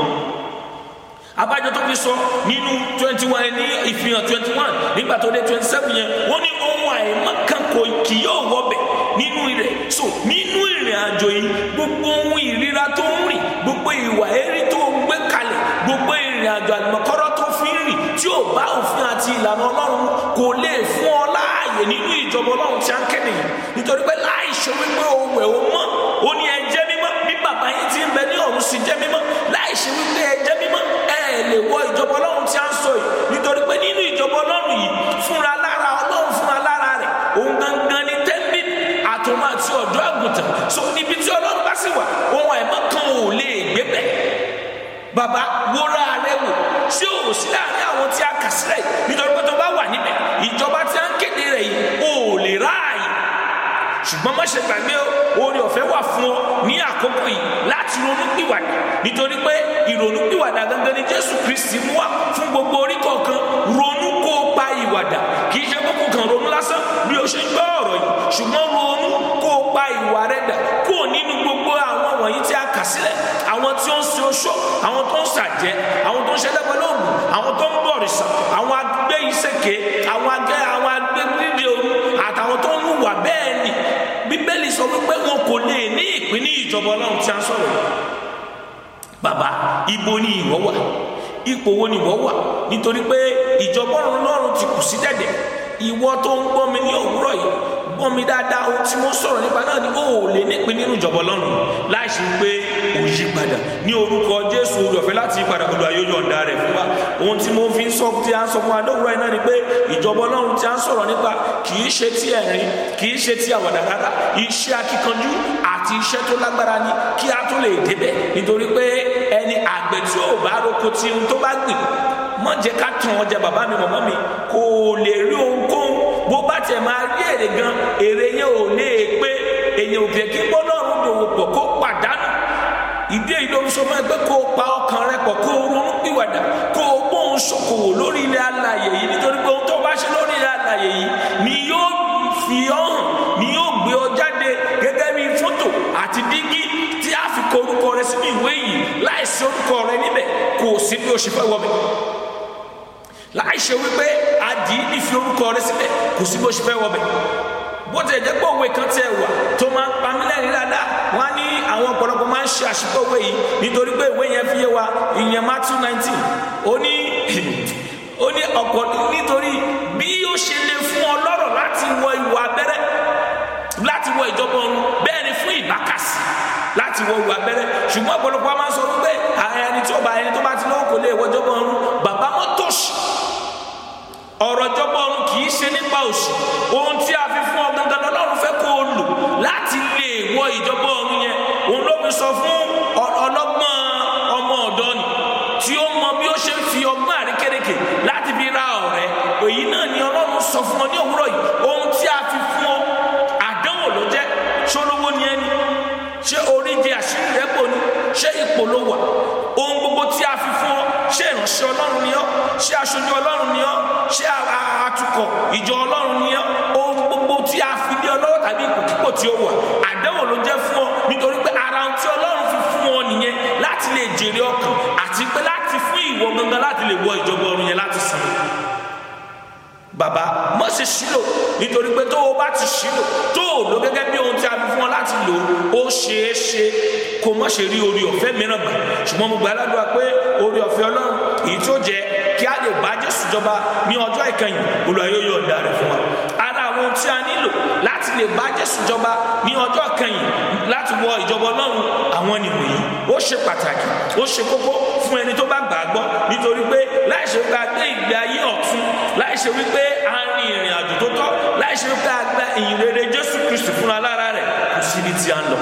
S5: abájọ tó fi sọ nínú twenty one ní ìfihàn twenty one nígbà tó dé twenty seven yẹn wọ́n ní ohun àìmọ́kàn kò kì yóò wọbẹ̀ nínú rẹ̀ so nínú ìrìn àjò yìí gbogbo ohun ìríra tó ń rìn gbogbo ìwà eré tó ń gbé kalẹ̀ gbogbo ìrìn àjò àlùmọ̀kọ́rọ́ tó fi ń rìn tí ò bá òfin àti ìlànà ọlọ́run kò lè fún ọ láàyè nínú ìjọba ọlọ́run tí a ń kẹ́nì yìí nítorí pé láì ṣe wípé ohun ẹ̀ o mọ́ ó ní ẹ jẹ́ mímọ́ bí bàbá yín ti ń bẹ ní ọ̀run sì jẹ́ mímọ́ láì ṣe wípé ẹ jẹ́ mímọ́ lè wọ ìjọba ọlọ́run tí a ń sọ yìí nítorí pé nínú ìjọba ọlọ́run yìí fúnra lára ọlọ́run fúnra lára rẹ̀ òun gangan ni tẹ́ḿbì àtọmọ àti ọ̀dọ́ àgùntàn so níbi tí ọlọ́run bá sì wà ohun àìmọ́ kan ò lè gbé bẹ́ẹ̀ bàbá wóra rẹ wò tí ò sí láàrin àwọn tí a kà sílẹ̀ nítorí pé tó bá wà níbẹ̀ ìjọba tí a ń kéde rẹ̀ yìí ò lè ráàyè ṣùgbọ́n o oore ọ̀fẹ́ wà fún ọ ní ronúpìwàdà nítorí pé ìrònúpìwàdà gangan ni jésù kristi mú wá fún gbogbo orí kọ̀ọ̀kan ronú kó o pa ìwàdà kì í ṣe kókó kan ronú lásán bí o ṣe ń gbọ́ ọ̀rọ̀ yìí ṣùgbọ́n ronú kó o pa ìwà rẹ dà kó o nínú gbogbo àwọn wọ̀nyí tí a kà sílẹ̀ àwọn tí ó ń sin oṣó àwọn tó ń ṣàjẹ́ àwọn tó ń ṣẹlẹ̀ pẹ̀lú òògùn àwọn tó ń bọ̀rìṣà àwọn agbé ìṣèké àwọn agbé àwọn agbé nídìí òru àtàwọn tó ń hùwà bẹ́ẹ̀ ni bíbélì sọ wípé wọn kò lè ìjọba ọlọ́run tí a ń sọ̀rọ̀ yìí bàbá ibo ni ìwọ wà ipò wo ni ìwọ wà nítorí pé ìjọba ọlọ́run ti kù sí dẹ̀dẹ̀ ìwọ tó ń gbọ́ mi ní òwúrọ̀ yìí gbọ́ mi dáadáa ohun tí mo sọ̀rọ̀ nípa náà ni ó lè nípìn nínú ìjọba ọlọ́run láìsí pé ò yí padà ní orúkọ jésù olùọ̀fẹ́ láti padà gbọdọ̀ ayélujára rẹ̀ fún wa ohun tí mo fi ń sọ tí a ń sọ fún wa lówùrọ̀ iná ni pé ìjọba ọlọ́run tí a ń sọ̀rọ̀ nípa kì í ṣe ti ẹ̀rín kì í ṣe ti àwàdà rárá iṣẹ́ akíkanjú àti iṣẹ́ tó lágbára ni kí a tó lè débẹ̀ nítorí pé ẹni àgbẹ̀ tí ò bá roko tí ohun tó bá gbìn mọ̀ jẹ́ ká tàn ọjà bàbá mi màmá mi kò lè rí ohunkóhun bó bá tẹ̀ máa rí èrè gan èrè yẹn ò lè pé èyàn ò bẹ̀ kí gbọ́dọ̀rùn dòwò pọ̀ kó pàdánù ìdí èyí ló ń sọ máa gbé kó o pa ọkàn rẹ pọ̀ kó o ronú pìwàdà kó o gbóhùn ṣòkòwò lórí ilẹ̀ alàyè yìí nítorí pé ohun tó bá ṣe lórí ilẹ̀ alàyè yìí ni yóò fi ọ́ hàn ni yóò gbé ọ jáde. láìsí orúkọ rẹ níbẹ̀ kò sí bí o ṣe fẹ́ wọbẹ̀ láìṣe wípé adìí ní fi orúkọ rẹ síbẹ̀ kò sí bí o ṣe fẹ́ wọbẹ̀ bó ti òwe kan tiẹ̀ wà tó máa ń pa mí dáadáa wọ́n á ní àwọn ọ̀pọ̀lọpọ̀ máa ń ṣe àṣìkò òwe yìí nítorí pé ìwé yẹn fi yé wa ìyẹn Matthew nineteen ó ó ní ọ̀pọ̀ ní wọ òwú abẹ́rẹ́ ṣùgbọ́n ọ̀pọ̀lọpọ̀ a máa ń sọ wípé ẹni tí ọba ẹni tó bá ti lọ́wọ́ kò lè wọjọ́ bọ́ ọ̀run bàbá wọn tòṣì ọ̀rọ̀ jọ́bọ̀ ọ̀run kì í ṣe nípa òṣì ohun tí a fi fún ọ gangan lọ́run fẹ́ kó o lò láti lè wọ ìjọba ọ̀run yẹn òun ló fi sọ fún ṣé aṣojú ọlọ́run ni ọ́ ṣé atukọ̀ ìjọ ọlọ́run ni ọ́ ohun gbogbo tí a fi lé ọlọ́wọ́ tàbí ìkòkíkò tí ó wà àdéhùn ló jẹ́ fún ọ nítorí pé ara ohun tí ọlọ́run fi fún ọ nìyẹn láti lè jèrè ọkàn àti pé láti fún ìwọ gangan láti lè wọ ìjọba ọ̀run yẹn láti sàn bàbá má ṣe ṣílò nítorí pé tó o bá ti ṣílò tó o lò gẹ́gẹ́ bí ohun tí a fi fún ọ láti lò ó ṣeé ṣe kó má ṣe rí orí ọ̀fẹ́ mìíràn gbà ṣùgbọ́n mo gbà ládùúgbà pé orí ọ̀fẹ́ ọlọ́run èyí kí a lè bá Jésù jọba ní ọjọ́ ìkẹyìn Olúwa yóò yọ̀ǹda rẹ̀ fún wa ara àwọn ohun tí a nílò láti lè bá Jésù jọba ní ọjọ́ ìkẹyìn láti wọ ìjọba Ọlọ́run àwọn nìwòyí ó ṣe pàtàkì ó ṣe kókó fún ẹni tó bá gbàgbọ́ nítorí pé láì ṣe wípé a ìgbé ayé ọ̀tún láì ṣe wípé a rin ìrìn àjò tó tọ́ láì ṣe wípé a gba Jésù Kristu fúnra lára rẹ̀ kò síbi tí a ń lọ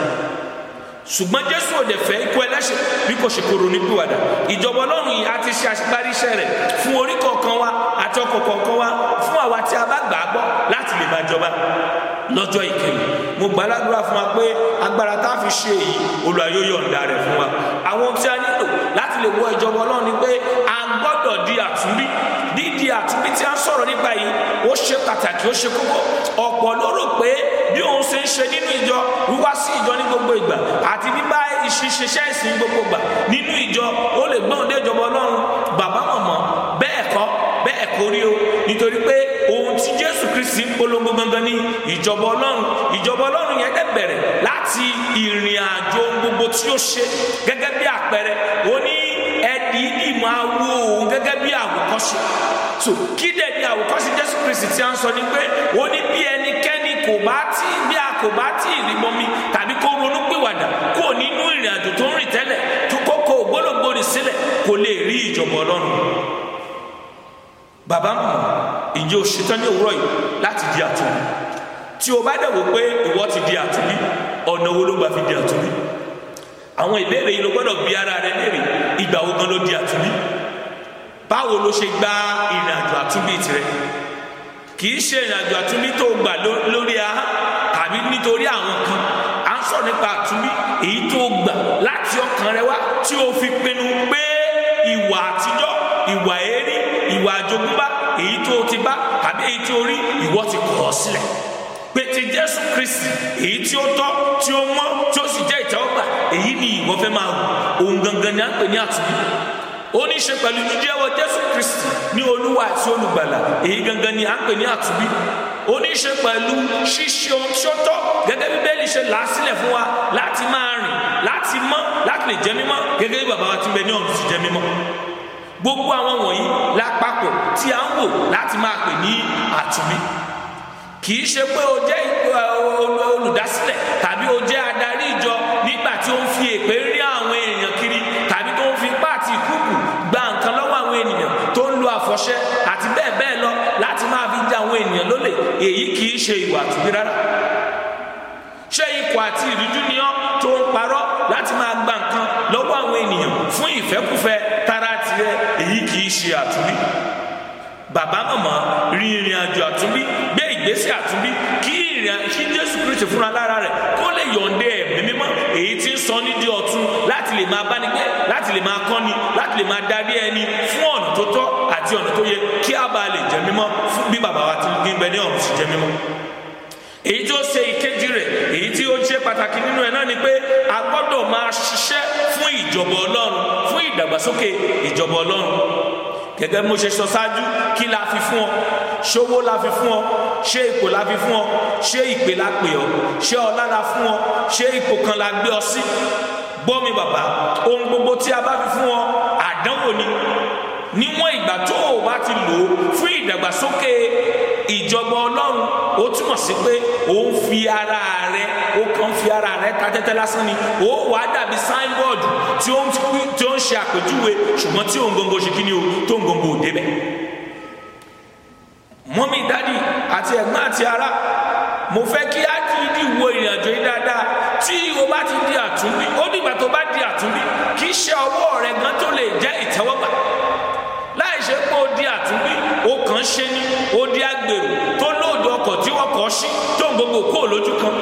S5: ṣùgbọ́n jésù ò dẹ̀ fẹ́ ikú ẹlẹ́ṣẹ̀ bí kò ṣe koro ní pìwàdà ìjọba ọlọ́run yìí a ti ṣe àṣeparí iṣẹ́ rẹ̀ fún orí kọ̀ọ̀kan wa àti ọkọ̀ kọ̀ọ̀kan wa fún àwa tí a bá gbà á gbọ́ láti lè máa jọba lọ́jọ́ ìkẹyìn mo gbàládùra fún wa pé agbára tá a fi ṣe èyí Olúwa yóò yọ̀ǹda rẹ̀ fún wa àwọn tí a nílò láti lè wọ ìjọba ọlọ́run ni pé a gbọ́dọ̀ di àtúnbí dídi àtúnbí tí a ń sọ̀rọ̀ nípa yìí ó ṣe pàtàkì ó ṣe kókó ọ̀pọ̀ ló rò pé bí òun ṣe ń ṣe nínú ìjọ wíwá sí ìjọ ní gbogbo ìgbà àti bíbá ìṣiṣẹ́ ìsìn gbogbo ìgbà nínú ìjọ ó lè gbọ́n dé ìjọba ọlọ́run bàbá mọ̀mọ́ bẹ́ẹ̀ kọ́ bẹ́ẹ̀ kò rí o nítorí pé ohun tí jésù kristi ń polongo gangan ní ìjọba ọlọ́run ìjọba ọlọ́run yẹn dẹ̀ bẹ̀rẹ̀ láti ìrìn àjò gbogbo tí ó ṣe gẹ́gẹ́ bí àpẹẹrẹ ó ní ẹ̀dì ìdì máa wo òun gẹ́gẹ́ bí àwòkọ́ṣe so kí dẹ̀ ni àwòkọ́ṣe jésù kristi tí a ń sọ ni pé ó ní bí ẹnikẹ́ni kò bá tí bí a kò bá tí ì rímọ mi tàbí kó ronú pìwàdà kó nínú ìrìn àjò tó ń rìn tẹ́lẹ̀ tó kókó ògbólógbòrì sílẹ̀ kò lè rí ìjọba ọlọ́run bàbá mọ̀ ìjẹ́ òṣìṣẹ́ ní òwúrọ̀ yìí láti di àtúnbí tí o bá dẹ̀ wò pé ìwọ ti di àtúnbí ọ̀nà wo ló gbà fi di àtúnbí àwọn ìbéèrè yìí ló gbọ́dọ̀ bi ara rẹ léèrè ìgbà wo gan ló di àtúnbí báwo ló ṣe gba ìrìn àjò àtúnbí tirẹ̀ kì í ṣe ìrìn àjò àtúnbí tó gbà ló nítorí àwọn kan à ń sọ nípa àtúnbí èyí tó gbà láti ọkàn rẹ wá tí o fi pinnu pé ìwà àtijọ́ ìwà èérí ìwà àjogúnbá èyí tó ti bá tàbí èyí tó rí ìwọ ti kọ̀ ọ́ sílẹ̀ pé ti Jésù Kristi èyí tí ó tọ́ tí ó mọ́ tí ó sì jẹ́ ìtẹ́wọ́gbà èyí ni ìwọ fẹ́ máa wù ohun gangan ni à ń pè ní àtúnbí ó ní ṣe pẹ̀lú jíjẹ́wọ́ Jésù Kristi ní Olúwa àti olùgbàlà èyí gangan ni à ń pè ní àtúnbí ó ní ṣe pẹ̀lú ṣíṣe ohun tí ó tọ́ gẹ́gẹ́ bí bẹ́ẹ̀lì ṣe là á sílẹ̀ fún wa láti máa rìn láti mọ́ láti lè jẹ́ mímọ́ gẹ́gẹ́ bí bàbá wa ti bẹ ní ọ̀run ti jẹ́ mímọ́ gbogbo àwọn wọ̀nyí lápapọ̀ tí a ń wò láti máa pè ní àtúnmí kì í ṣe pé o jẹ́ olùdásílẹ̀ tàbí o jẹ́ adarí ìjọ nígbà tí ó ń fi èpè rí èyí kì í ṣe ìwà àtúbí rárá ṣé ikọ̀ àti ìrújú ni ọ́ tó ń parọ́ láti máa gba nǹkan lọ́wọ́ àwọn ènìyàn fún ìfẹ́kùfẹ́ tara tirẹ̀ èyí kì í ṣe àtúbí bàbá màmá rin ìrìn àjò àtúnbí gbé ìgbésẹ̀ àtúnbí kí ìrìn kí jésù kristu fúnra lára rẹ̀ kó lè yọ̀ǹde ẹ̀mí mímọ́ èyí tí ń sọ nídìí ọ̀tún láti lè máa báni gbé láti lè máa kọ́ni láti lè máa darí ẹni fún ọ̀nà tó tọ́ àti ọ̀nà tó yẹ kí a bá lè jẹ mímọ́ bí bàbá wa ti ń gbẹ ní ọ̀run sì jẹ mímọ́ èyí tí ó ṣe ìkejì rẹ̀ èyí tí ó ṣe pàtàkì nínú ẹ̀ náà ni pé a gbọ́dọ̀ máa ṣiṣẹ́ fún ìjọba ọlọ́run fún ìdàgbàsókè ìjọba ọlọ́run gẹ́gẹ́ bí mo ṣe sọ ṣáájú kí la fi fún ọ ṣowó la fi fún ọ ṣé ipò la fi fún ọ ṣé ìpè la pè ọ ṣé ọlá la fún ọ ṣé ipò kan la gbé ọ sí gbọ́ mi bàbá ohun gbogbo tí a bá fi fún ọ àdánwò ni níwọ̀n ìgbà tó o bá ti lò ó fún ìdàgbàsókè ìjọba ọlọ́run ó túmọ̀ sí pé ó ń fi ara rẹ ó kàn fi ara rẹ ta tẹ́tẹ́ lásán ni ó wàá dàbí signboard tí ó ń ṣe àpèjúwe ṣùgbọ́n tí òun ṣe kí ni o tó ń gbogbo òde bẹ́ẹ̀ mọ́mí dádì àti ẹ̀gbọ́n àti ará mo fẹ́ kí á dìídì wo ìrìnàjò yìí dáadáa tí o bá ti di àtúnbí ó dìgbà tó bá di àtúnbí kì í ṣe ọwọ́ rẹ gan tó lè jẹ́ ìtẹ́wọ́gbà ṣe pé ó di àtúnbí ó kàn ṣe ni ó di agbèrò tó lóòdù ọkọ̀ tí wọ́n kọ́ sí tó ń gbogbo kó lójú kan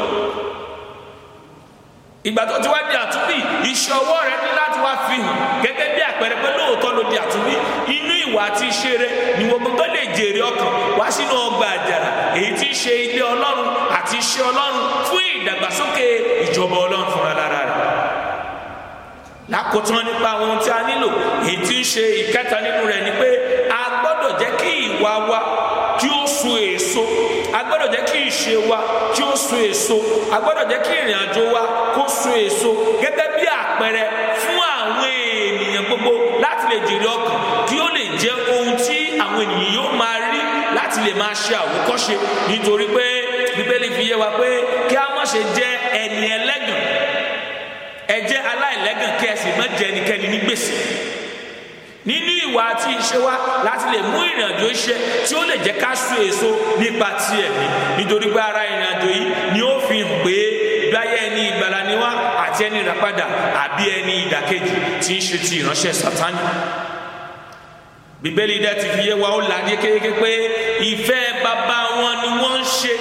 S5: ìgbà tó ti wá di àtúnbí iṣẹ́ ọwọ́ rẹ ní láti wá fi hàn gẹ́gẹ́ bí àpẹẹrẹ pé lóòótọ́ ló di àtúnbí inú ìwà àti iṣẹ́ rẹ ni gbogbo tó lè jèrè ọkàn wá sínú ọgbà àjàrà èyí tí í ṣe ilé Ọlọ́run àti iṣẹ́ Ọlọ́run fún ìdàgbàsókè ìjọba Ọlọ́run fúnra lára rẹ lákòótán nípa àwọn ohun tí a nílò èyí tí ń ṣe ìkẹta nínú rẹ̀ ni pé a gbọ́dọ̀ jẹ́ kí ìwà wa kí ó sun èso a gbọ́dọ̀ jẹ́ kí ìṣe wa kí ó sun èso a gbọ́dọ̀ jẹ́ kí ìrìn àjò wa kó sun èso gẹ́gẹ́ bí àpẹẹrẹ fún àwọn ènìyàn gbogbo láti lè jèrè ọkàn kí ó lè jẹ́ ohun tí àwọn ènìyàn yóò máa rí láti lè máa ṣe àwòkọ́ṣe nítorí pé bíbélì fi yé wa pé kí a má ṣe jẹ́ ẹni ẹlẹ́gàn ẹ jẹ́ aláìlẹ́gàn kí ẹ sì má jẹ ẹnikẹ́ni ní gbèsè nínú ìwà àti ìṣe wa láti lè mú ìrìnàjò iṣẹ́ tí ó lè jẹ́ ká so èso nípa ti ẹ̀mí nítorí pé ara ìrìnàjò yìí ni ó fi hàn pé gbáyé ẹni ìgbàlà ni wá àti ẹni ìràpadà àbí ẹni ìdàkejì tí ń ṣe ti ìránṣẹ́ Sátánì bíbélì dẹ ti fi yé wa ó là ní kékeré pé ìfẹ́ bàbá wọn ni wọ́n ń ṣe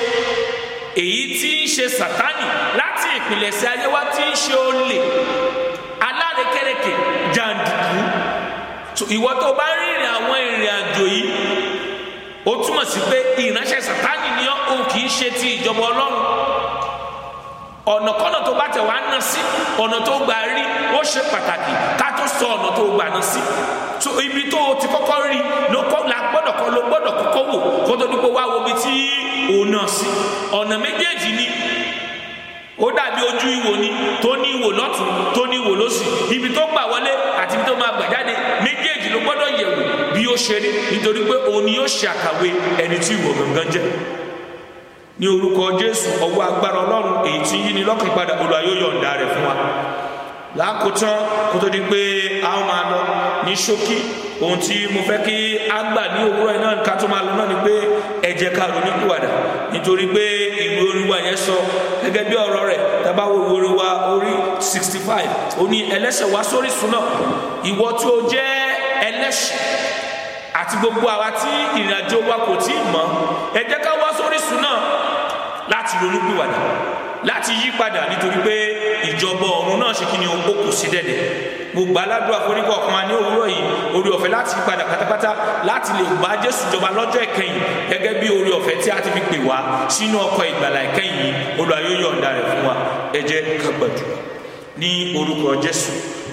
S5: èyí tí ń ṣe Sátánì láti ìpìlẹ̀sẹ̀ ayé wa ti ń ṣe olè alárekèrèkè jàǹdùkú ìwọ tó bá ń rìnrìn àwọn ìrìn àjò yìí ó túmọ̀ sí pé ìránṣẹ́ sátánì ni ó kì í ṣe ti ìjọba ọlọ́run ọ̀nà kọ́nà tó bá tẹ̀ wá ná sí ọ̀nà tó gbà rí ó ṣe pàtàkì ká tó sọ ọ̀nà tó gbà ná sí so ibi tó o ti kọ́kọ́ rí ló kọ́ la gbọ́dọ̀ kọ́ ló gbọ́dọ̀ kọ́kọ́ wò kó tó dúpọ̀ wá wo ibi tí òun náà sí ọ̀nà méjèèjì ni ó dàbí ojú ìwò ni tó ní ìwò lọ́tún tó ní ìwò lọ́sì ibi tó gbà wọlé àti ibi tó máa gbà jáde méjèèjì ló gbọ́dọ̀ yẹ̀wò bí ó ṣe rí nítorí pé òun ni yóò ṣe àkàwé ẹni tí ìwò gangan jẹ́ ní orúkọ jésù ọwọ́ agbára ọlọ́run èyí tí yí ni lọ́kàn padà olùwà yóò yọ̀ǹda rẹ̀ fún wa lákòótán kó tó di pé a ó máa lọ ní ṣókí ohun tí mo fẹ́ kí a gbà ní òwúrọ̀ yìí náà ká tó máa lọ náà ni pé ẹ ká ronú pìwàdà nítorí pé olúwa yẹn sọ gẹ́gẹ́ bí ọ̀rọ̀ rẹ̀ tàbá wo ìwé wa orí sixty five ó ní ẹlẹ́ṣẹ̀ wá sórí ìṣúná ìwọ tí o jẹ́ ẹlẹ́ṣẹ̀ àti gbogbo àwa tí ìrìn wa kò tí ì mọ̀ ẹ jẹ́ ká wá sórí ìṣúná láti ronúpìwàdà láti yí padà nítorí pé ìjọba ọ̀run náà ṣe kí ni ó kù sí dẹ̀dẹ̀ gbogbo aládùúgbò àforíkọ̀ kan ní òwúrọ̀ yìí orí ọ̀fẹ́ láti padà pátápátá láti lè bá Jésù jọba lọ́jọ́ ìkẹyìn gẹ́gẹ́ bí orí ọ̀fẹ́ tí a ti fi pè wá sínú ọkọ̀ ìgbàlà ìkẹyìn yìí olùwàyó yọ̀ǹda rẹ̀ fún wa ẹ jẹ́ ní orúkọ jésù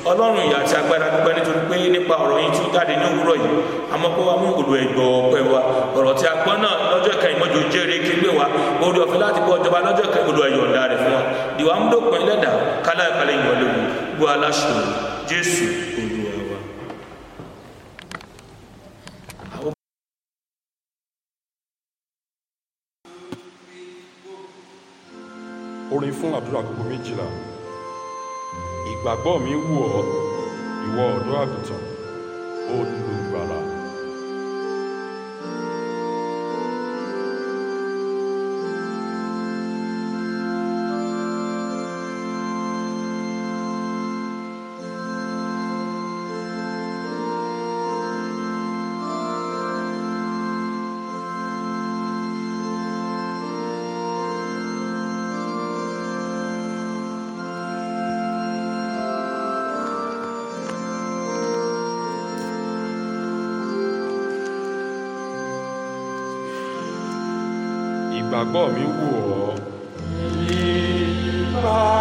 S5: ọlọ́run ìyá àti agbára gbígbẹ́ nítorí pé nípa ọ̀rọ̀ yìí tún jáde ní òwúrọ̀ yìí àmọ́ pé wàá mú olú ẹ̀gbọ́ ọpẹ́ wa ọ̀rọ̀ tí a gbọ́ náà lọ́jọ́ ìkẹyìn mọ́jọ jẹ́rìí kégbé wa orí ọ̀fẹ́ láti bọ́ ìjọba lọ́jọ́ ìkẹyìn olú ẹ̀yọ̀ǹda rẹ̀ fún wa ìwà ń dópin ẹlẹ́dà kálá ìkàlẹ̀ ìwọ̀n léwu gbọ́ aláṣọ jésù
S4: olúwa
S3: wa ìgbàgbọ́ mi wù ọ́ ìwọ ọ̀dọ́ àgùntàn ó dúró. ìgbàgbọ́ mi wò ọ́. ìgbà.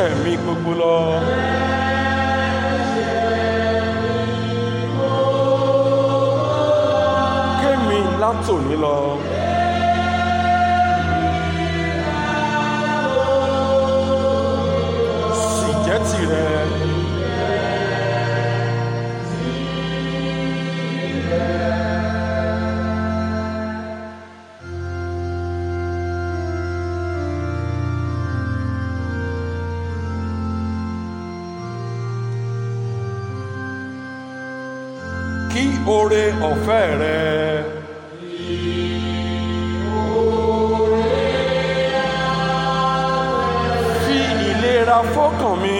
S3: ẹ̀ṣẹ̀ mi gbogbo lọ. kémi látòní lọ. ọ̀fẹ́ rẹ. fi ìlera fọ́kàn mi.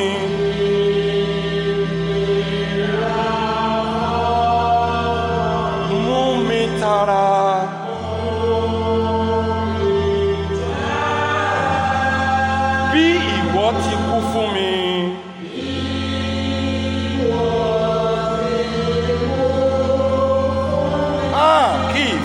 S3: mú mi tara. bí ìwọ ti kú fún mi.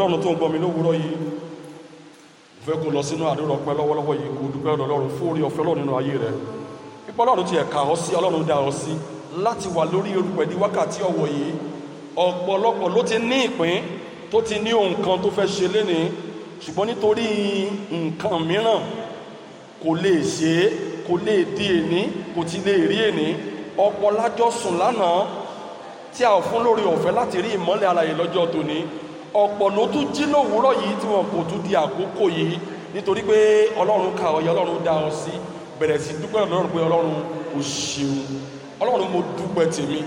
S3: ọlọ́run tó ń gbọ́ mi lówùúrọ̀ yìí mo fẹ́ kó lọ sínú àdúrà ọpẹ́ lọ́wọ́lọ́wọ́ yìí kó dúpẹ́ ọ̀dọ̀ ọlọ́run fún orí ọ̀fẹ́ ọlọ́run nínú ayé rẹ pípọ́ ọlọ́run ti ẹ̀ka ọ sí ọlọ́run dá ọ sí láti wà lórí erùpẹ̀ di wákàtí ọ̀wọ̀ yìí ọ̀pọ̀lọpọ̀ ló ti ní ìpín tó ti ní ohun kan tó fẹ́ ṣe lénìí ṣùgbọ́n nítorí nǹkan mìíràn kò lè ṣe é kò lè di èní kò ti lè rí èní ọ̀pọ̀ lájọ sùn lánàá tí a ò fún lórí ọ̀fẹ́ láti rí ìmọ́lẹ̀ alààyè lọ́jọ́ tòní ọ̀pọ̀ ló tún jí lówùúrọ̀ yìí tí wọn kò tún di àkókò yìí nítorí pé ọlọ́run ka ọyọ ọlọ́run dá ọ sí bẹ̀rẹ̀ sí dúpẹ́ ọlọ́run pé ọlọ́run ò ṣeun ọlọ́run mo dúpẹ́ tèmi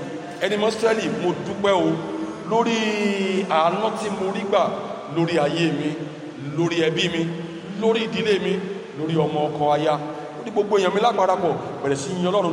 S3: ẹni mọ́ sẹ́lì mo dúpẹ́ o lórí àánú tí mo rí gbà lórí ayé mi lórí ẹbí mi lórí ìdílé mi lórí ọmọ ọkọ aya lórí gbogbo èèyàn mi láparapọ̀ bẹ̀rẹ̀ sí yin ọlọ́run